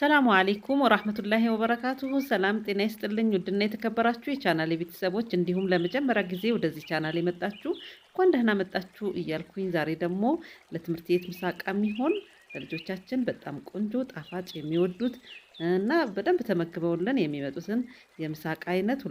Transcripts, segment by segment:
ሰላሙ አሌይኩም ወራህመቱላሂ ወበረካቱሁ። ሰላም ጤና ይስጥልኝ። ውድና የተከበራችሁ የቻናል ቤተሰቦች እንዲሁም ለመጀመሪያ ጊዜ ወደዚህ ቻናል የመጣችሁ እንኳን ደህና መጣችሁ እያልኩኝ ዛሬ ደግሞ ለትምህርት ቤት ምሳቃ የሚሆን ለልጆቻችን በጣም ቆንጆ ጣፋጭ የሚወዱት እና በደንብ ተመግበውልን የሚመጡትን የምሳቃ አይነት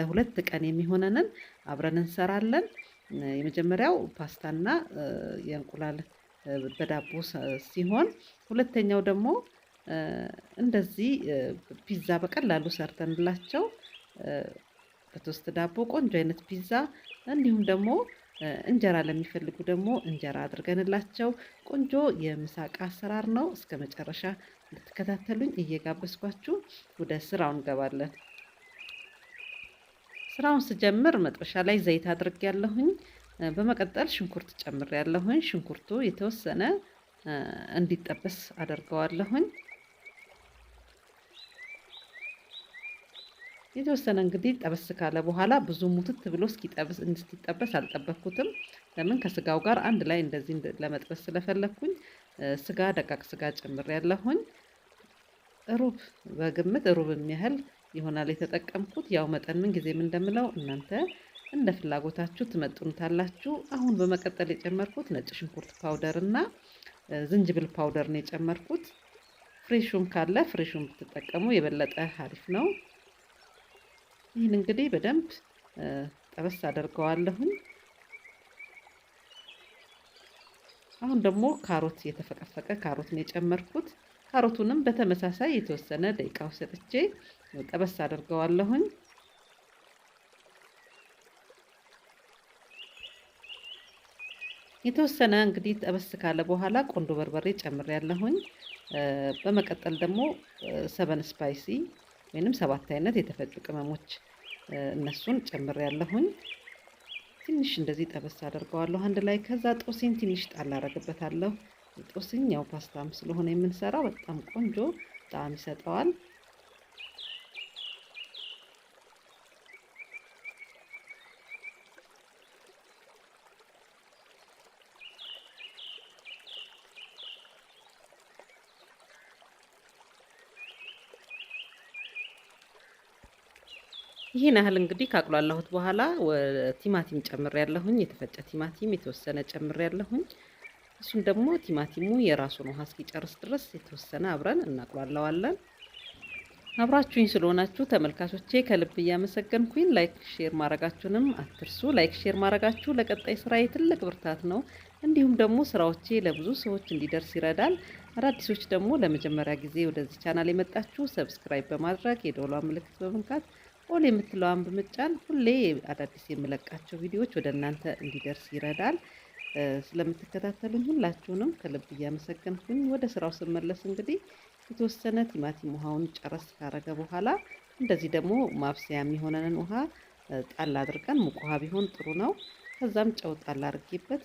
ለሁለት ቀን የሚሆነንን አብረን እንሰራለን። የመጀመሪያው ፓስታና የእንቁላል በዳቦ ሲሆን ሁለተኛው ደግሞ እንደዚህ ፒዛ በቀላሉ ሰርተንላቸው በቶስት ዳቦ ቆንጆ አይነት ፒዛ እንዲሁም ደግሞ እንጀራ ለሚፈልጉ ደግሞ እንጀራ አድርገንላቸው ቆንጆ የምሳቃ አሰራር ነው። እስከ መጨረሻ እንድትከታተሉኝ እየጋበዝኳችሁ ወደ ስራው እንገባለን። ስራውን ስጀምር መጥበሻ ላይ ዘይት አድርግ ያለሁኝ። በመቀጠል ሽንኩርት ጨምር ያለሁኝ። ሽንኩርቱ የተወሰነ እንዲጠበስ አደርገዋለሁኝ። የተወሰነ እንግዲህ ጠበስ ካለ በኋላ ብዙ ሙትት ብሎ እስኪጠበስ እንድትጠበስ አልጠበኩትም። ለምን ከስጋው ጋር አንድ ላይ እንደዚህ ለመጥበስ ስለፈለግኩኝ ስጋ፣ ደቃቅ ስጋ ጭምር ያለሁኝ ሩብ በግምት ሩብ የሚያህል ይሆናል የተጠቀምኩት። ያው መጠን ምን ጊዜም እንደምለው እናንተ እንደ ፍላጎታችሁ ትመጥኑታላችሁ። አሁን በመቀጠል የጨመርኩት ነጭ ሽንኩርት ፓውደር እና ዝንጅብል ፓውደር ነው የጨመርኩት። ፍሬሹም ካለ ፍሬሹም ብትጠቀሙ የበለጠ አሪፍ ነው። ይህን እንግዲህ በደንብ ጠበስ አደርገዋለሁኝ። አሁን ደግሞ ካሮት የተፈቀፈቀ ካሮት ነው የጨመርኩት። ካሮቱንም በተመሳሳይ የተወሰነ ደቂቃ ሰጥቼ ጠበስ አደርገዋለሁኝ። የተወሰነ እንግዲህ ጠበስ ካለ በኋላ ቆንዶ በርበሬ ጨምሬያለሁኝ። በመቀጠል ደግሞ ሰበን ስፓይሲ ወይንም ሰባት አይነት የተፈጩ ቅመሞች እነሱን ጨምር ያለሁኝ ትንሽ እንደዚህ ጠበስ አደርገዋለሁ አንድ ላይ። ከዛ ጦስኝ ትንሽ ጣል አረግበታለሁ። ጦስኝ ያው ፓስታም ስለሆነ የምንሰራው በጣም ቆንጆ ጣዕም ይሰጠዋል። ይህን ያህል እንግዲህ ካቁላላሁት በኋላ ቲማቲም ጨምር ያለሁኝ የተፈጨ ቲማቲም የተወሰነ ጨምር ያለሁኝ። እሱም ደግሞ ቲማቲሙ የራሱን ውሃ እስኪጨርስ ድረስ የተወሰነ አብረን እናቁላላዋለን። አብራችሁኝ ስለሆናችሁ ተመልካቾቼ ከልብ እያመሰገንኩኝ፣ ላይክ ሼር ማድረጋችሁንም አትርሱ። ላይክ ሼር ማድረጋችሁ ለቀጣይ ስራ ትልቅ ብርታት ነው። እንዲሁም ደግሞ ስራዎቼ ለብዙ ሰዎች እንዲደርስ ይረዳል። አዳዲሶች ደግሞ ለመጀመሪያ ጊዜ ወደዚህ ቻናል የመጣችሁ ሰብስክራይብ በማድረግ የደወሏ ምልክት በመንካት ኦል የምትለዋን በመጫን ሁሌ አዳዲስ የምለቃቸው ቪዲዮዎች ወደ እናንተ እንዲደርስ ይረዳል። ስለምትከታተሉኝ ሁላችሁንም ከልብ እያመሰገንኩኝ ወደ ስራው ስመለስ እንግዲህ የተወሰነ ቲማቲም ውሃውን ጨረስ ካረገ በኋላ እንደዚህ ደግሞ ማብሰያ የሚሆነንን ውሃ ጣል አድርገን ሙቅ ውሃ ቢሆን ጥሩ ነው። ከዛም ጨው ጣል አድርጌበት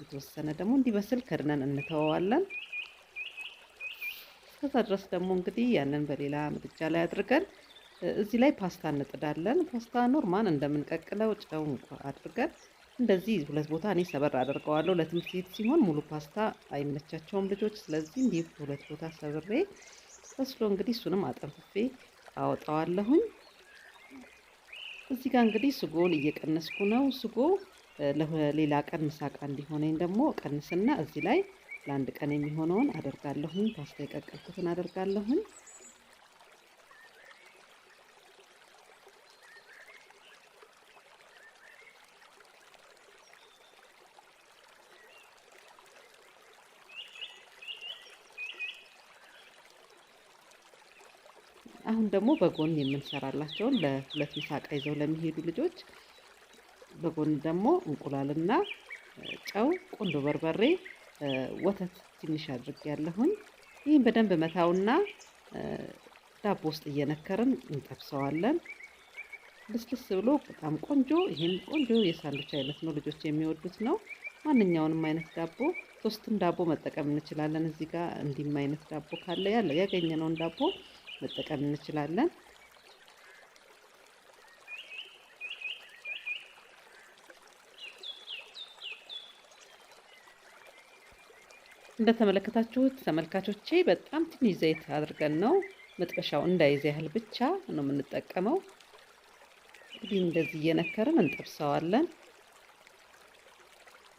የተወሰነ ደግሞ እንዲበስል ከድነን እንተወዋለን። እስከዛ ድረስ ደግሞ እንግዲህ ያንን በሌላ ምድጃ ላይ አድርገን እዚህ ላይ ፓስታ እንጥዳለን። ፓስታ ኖርማን እንደምንቀቅለው ጨው እንኳ አድርገን እንደዚህ ሁለት ቦታ እኔ ሰበር አደርገዋለሁ። ለትምህርት ቤት ሲሆን ሙሉ ፓስታ አይመቻቸውም ልጆች። ስለዚህ እንዲህ ሁለት ቦታ ሰብሬ በስሎ እንግዲህ እሱንም አጠንፍፌ አወጣዋለሁኝ። እዚህ ጋር እንግዲህ ስጎን እየቀነስኩ ነው። ስጎ ለሌላ ቀን ምሳቃ እንዲሆነኝ ደግሞ ቀንስና እዚህ ላይ ለአንድ ቀን የሚሆነውን አደርጋለሁኝ። ፓስታ የቀቀልኩትን አደርጋለሁኝ። ደግሞ በጎን የምንሰራላቸውን ለሁለት ሚሳቃ ይዘው ለሚሄዱ ልጆች በጎን ደግሞ እንቁላልና ጨው፣ ቁንዶ በርበሬ፣ ወተት ትንሽ አድርግ ያለሁኝ። ይህም በደንብ መታውና ዳቦ ውስጥ እየነከርን እንጠብሰዋለን። ልስልስ ብሎ በጣም ቆንጆ። ይህም ቆንጆ የሳንዱች አይነት ነው፣ ልጆች የሚወዱት ነው። ማንኛውንም አይነት ዳቦ ሶስትም ዳቦ መጠቀም እንችላለን። እዚህ ጋር እንዲህም አይነት ዳቦ ካለ ያለው ያገኘነውን ዳቦ መጠቀም እንችላለን። እንደተመለከታችሁት ተመልካቾቼ በጣም ትንሽ ዘይት አድርገን ነው መጥበሻው እንዳይዝ ያህል ብቻ ነው የምንጠቀመው። እንግዲህ እንደዚህ እየነከርን እንጠብሰዋለን።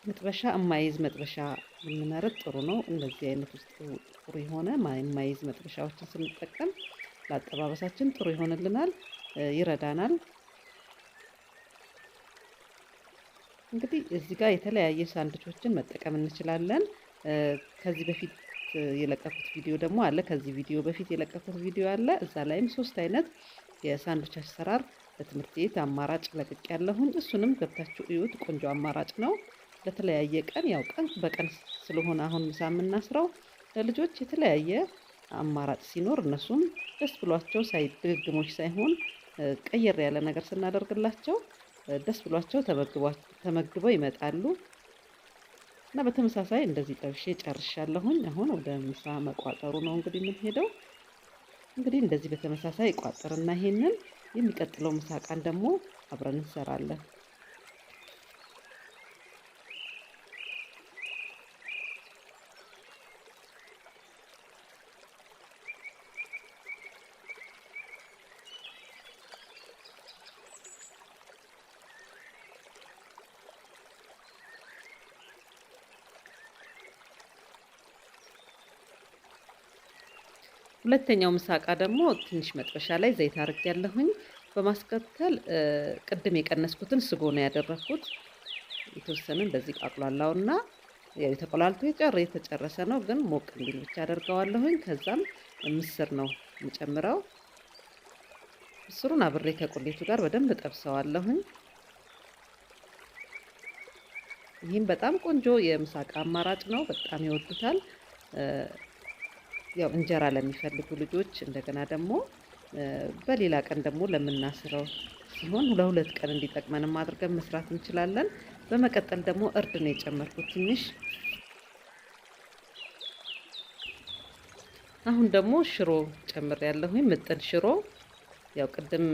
መጥበሻ የማይዝ መጥበሻ ብንመረጥ ጥሩ ነው። እንደዚህ አይነት ውስጥ ጥሩ የሆነ የማይዝ መጥበሻዎችን ስንጠቀም ለአጠባበሳችን ጥሩ ይሆንልናል፣ ይረዳናል። እንግዲህ እዚህ ጋር የተለያየ ሳንድቾችን መጠቀም እንችላለን። ከዚህ በፊት የለቀኩት ቪዲዮ ደግሞ አለ። ከዚህ ቪዲዮ በፊት የለቀኩት ቪዲዮ አለ። እዛ ላይም ሶስት አይነት የሳንዶች አሰራር በትምህርት ቤት አማራጭ ለቅቅ ያለሁኝ። እሱንም ገብታችሁ እዩት። ቆንጆ አማራጭ ነው። ለተለያየ ቀን ያው ቀን በቀን ስለሆነ አሁን ምሳ የምናስረው ለልጆች የተለያየ አማራጭ ሲኖር እነሱም ደስ ብሏቸው ድግግሞች ሳይሆን ቀየር ያለ ነገር ስናደርግላቸው ደስ ብሏቸው ተመግበው ይመጣሉ እና በተመሳሳይ እንደዚህ ጠብሼ ጨርሻለሁኝ። አሁን ወደ ምሳ መቋጠሩ ነው እንግዲህ የምንሄደው። እንግዲህ እንደዚህ በተመሳሳይ ቋጥርና ይሄንን የሚቀጥለው ምሳ ቀን ደግሞ አብረን እንሰራለን። ሁለተኛው ምሳቃ ደግሞ ትንሽ መጥበሻ ላይ ዘይት አርግ ያለሁኝ። በማስከተል ቅድም የቀነስኩትን ስጎ ነው ያደረግኩት። የተወሰንን በዚህ ቃቅሏላውና ያው የተቆላልቶ የጨር የተጨረሰ ነው፣ ግን ሞቅ እንዲል ብቻ አደርገዋለሁኝ። ከዛም ምስር ነው የምጨምረው። ምስሩን አብሬ ከቁሌቱ ጋር በደንብ ጠብሰዋለሁኝ። ይህም በጣም ቆንጆ የምሳቃ አማራጭ ነው። በጣም ይወዱታል። ያው እንጀራ ለሚፈልጉ ልጆች እንደገና ደግሞ በሌላ ቀን ደግሞ ለምናስረው ሲሆን ለሁለት ቀን እንዲጠቅመንም አድርገን መስራት እንችላለን። በመቀጠል ደግሞ እርድ ነው የጨመርኩት ትንሽ። አሁን ደግሞ ሽሮ ጨምር ያለሁኝ ምጥን ሽሮ። ያው ቅድም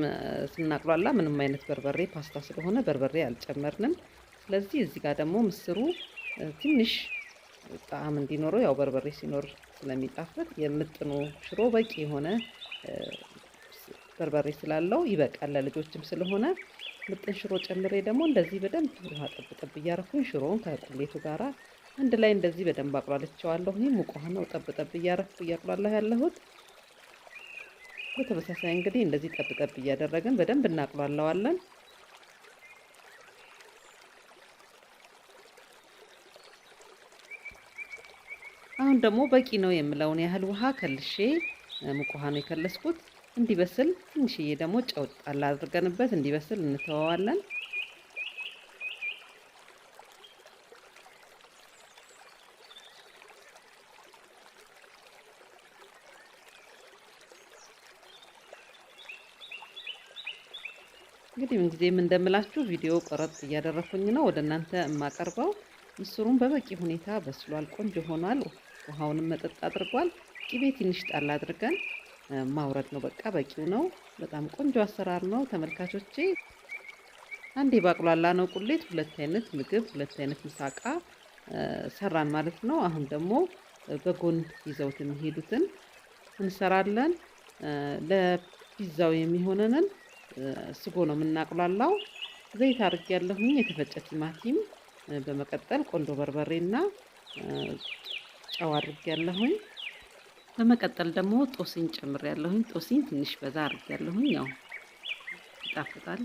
ስናቅሏላ ምንም አይነት በርበሬ ፓስታ ስለሆነ በርበሬ አልጨመርንም። ስለዚህ እዚህ ጋር ደግሞ ምስሩ ትንሽ ጣዕም እንዲኖረው ያው በርበሬ ሲኖር ስለሚጣፍጥ የምጥኑ ሽሮ በቂ የሆነ በርበሬ ስላለው ይበቃል። ለልጆችም ስለሆነ ምጥን ሽሮ ጨምሬ ደግሞ እንደዚህ በደንብ ውሃ ጠብጠብ እያረኩኝ ሽሮውን ከቁሌቱ ጋር አንድ ላይ እንደዚህ በደንብ አቁላልቸዋለሁ። ይህ ሙቅ ውሃ ነው። ጠብጠብ እያረኩ እያቁላለሁ ያለሁት። በተመሳሳይ እንግዲህ እንደዚህ ጠብጠብ እያደረግን በደንብ እናቁላለዋለን። አሁን ደግሞ በቂ ነው የምለውን ያህል ውሃ ከልሼ ሙቅ ውሃ ነው የከለስኩት። እንዲበስል ትንሽዬ ደግሞ ጨው ጣል አድርገንበት እንዲበስል እንተወዋለን። እንግዲህ ምንጊዜም እንደምላችሁ ቪዲዮ ቆረጥ እያደረኩኝ ነው ወደ እናንተ የማቀርበው። ምስሩም በበቂ ሁኔታ በስሏል፣ ቆንጆ ሆኗል። ውሃውንም መጠጥ አድርጓል። ቂቤ ትንሽ ጣል አድርገን ማውረድ ነው። በቃ በቂው ነው። በጣም ቆንጆ አሰራር ነው ተመልካቾቼ። አንድ የባቅሏላ ነው ቁሌት፣ ሁለት አይነት ምግብ፣ ሁለት አይነት ምሳቃ ሰራን ማለት ነው። አሁን ደግሞ በጎን ይዘውት የሚሄዱትን እንሰራለን። ለፒዛው የሚሆነንን ስጎ ነው የምናቅሏላው ዘይት አርግ ያለሁኝ የተፈጨ ቲማቲም፣ በመቀጠል ቆንጆ በርበሬና ጨው አድርግ ያለሁኝ። በመቀጠል ደግሞ ጦስኝ ጨምር ያለሁኝ። ጦስኝ ትንሽ በዛ አድርግ ያለሁኝ፣ ያው ይጣፍጣል።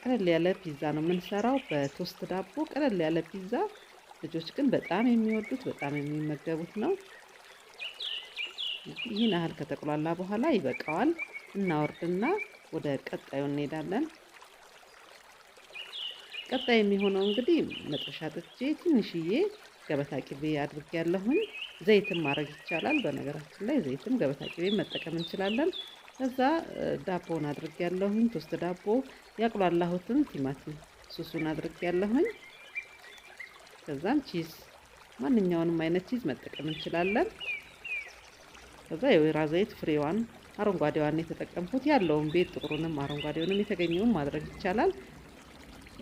ቀለል ያለ ፒዛ ነው የምንሰራው በቶስት ዳቦ፣ ቀለል ያለ ፒዛ። ልጆች ግን በጣም የሚወዱት በጣም የሚመገቡት ነው። ይህን ያህል ከተቁላላ በኋላ ይበቃዋል። እናወርድና ወደ ቀጣዩ እንሄዳለን። ቀጣይ የሚሆነው እንግዲህ መጥበሻ ጥጄ ትንሽዬ ገበታ ቅቤ አድርጌ ያለሁኝ። ዘይትም ማድረግ ይቻላል። በነገራችን ላይ ዘይትም ገበታ ቅቤ መጠቀም እንችላለን። ከዛ ዳቦውን አድርጌ ያለሁኝ። ቶስት ዳቦ ያቁላላሁትን ቲማቲም ሱሱን አድርጌ ያለሁኝ። ከዛም ቺዝ ማንኛውንም አይነት ቺዝ መጠቀም እንችላለን። ከዛ የወይራ ዘይት ፍሬዋን አረንጓዴዋን የተጠቀምኩት ያለውን ቤት ጥቁሩንም አረንጓዴውንም የተገኘውን ማድረግ ይቻላል።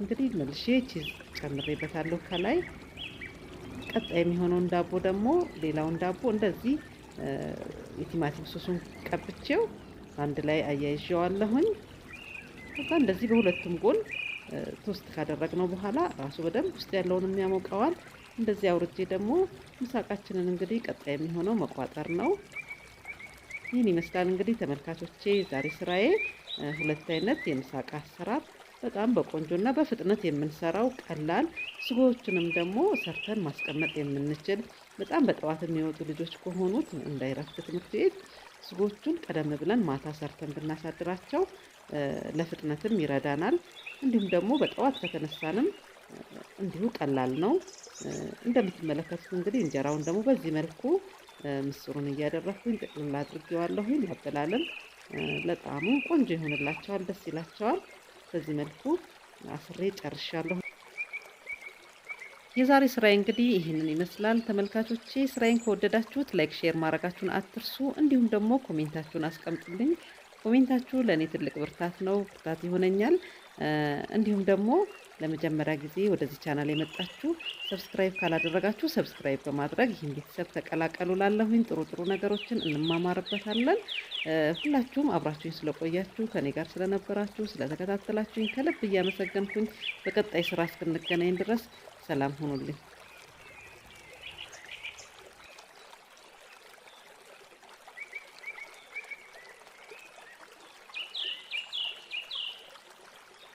እንግዲህ መልሼ ቺዝ ጨምሬበታለሁ ከላይ ቀጣይ የሚሆነውን ዳቦ ደግሞ ሌላውን ዳቦ እንደዚህ የቲማቲም ሶሱን ቀብቼው አንድ ላይ አያይዣዋለሁኝ ከዛ እንደዚህ በሁለቱም ጎን ቶስት ካደረግነው በኋላ ራሱ በደንብ ውስጥ ያለውን የሚያሞቀዋል። እንደዚህ አውርጄ ደግሞ ምሳቃችንን እንግዲህ ቀጣይ የሚሆነው መቋጠር ነው። ይህን ይመስላል እንግዲህ ተመልካቾቼ ዛሬ ስራዬ ሁለት አይነት የምሳቃ አሰራር በጣም በቆንጆና በፍጥነት የምንሰራው ቀላል ስጎዎችንም ደግሞ ሰርተን ማስቀመጥ የምንችል በጣም በጠዋት የሚወጡ ልጆች ከሆኑት እንዳይረፍት ትምህርት ቤት ስጎቹን ቀደም ብለን ማታ ሰርተን ብናሳድራቸው ለፍጥነትም ይረዳናል። እንዲሁም ደግሞ በጠዋት ከተነሳንም እንዲሁ ቀላል ነው። እንደምትመለከቱት እንግዲህ እንጀራውን ደግሞ በዚህ መልኩ ምስሩን እያደረኩኝ ጥቅልል አድርጌዋለሁኝ። ያበላልም ለጣዕሙ ቆንጆ ይሆንላቸዋል፣ ደስ ይላቸዋል። በዚህ መልኩ አፍሬ ጨርሻለሁ። የዛሬ ስራዬ እንግዲህ ይህንን ይመስላል። ተመልካቾቼ ስራዬን ከወደዳችሁት ላይክ፣ ሼር ማድረጋችሁን አትርሱ። እንዲሁም ደግሞ ኮሜንታችሁን አስቀምጡልኝ። ኮሜንታችሁ ለእኔ ትልቅ ብርታት ነው፣ ብርታት ይሆነኛል። እንዲሁም ደግሞ ለመጀመሪያ ጊዜ ወደዚህ ቻናል የመጣችሁ ሰብስክራይብ ካላደረጋችሁ ሰብስክራይብ በማድረግ ይህን ቤተሰብ ተቀላቀሉ። ላለሁኝ ጥሩ ጥሩ ነገሮችን እንማማርበታለን። ሁላችሁም አብራችሁኝ ስለቆያችሁ ከኔ ጋር ስለነበራችሁ ስለተከታተላችሁኝ ከልብ እያመሰገንኩኝ በቀጣይ ስራ እስክንገናኝ ድረስ ሰላም ሁኑልኝ።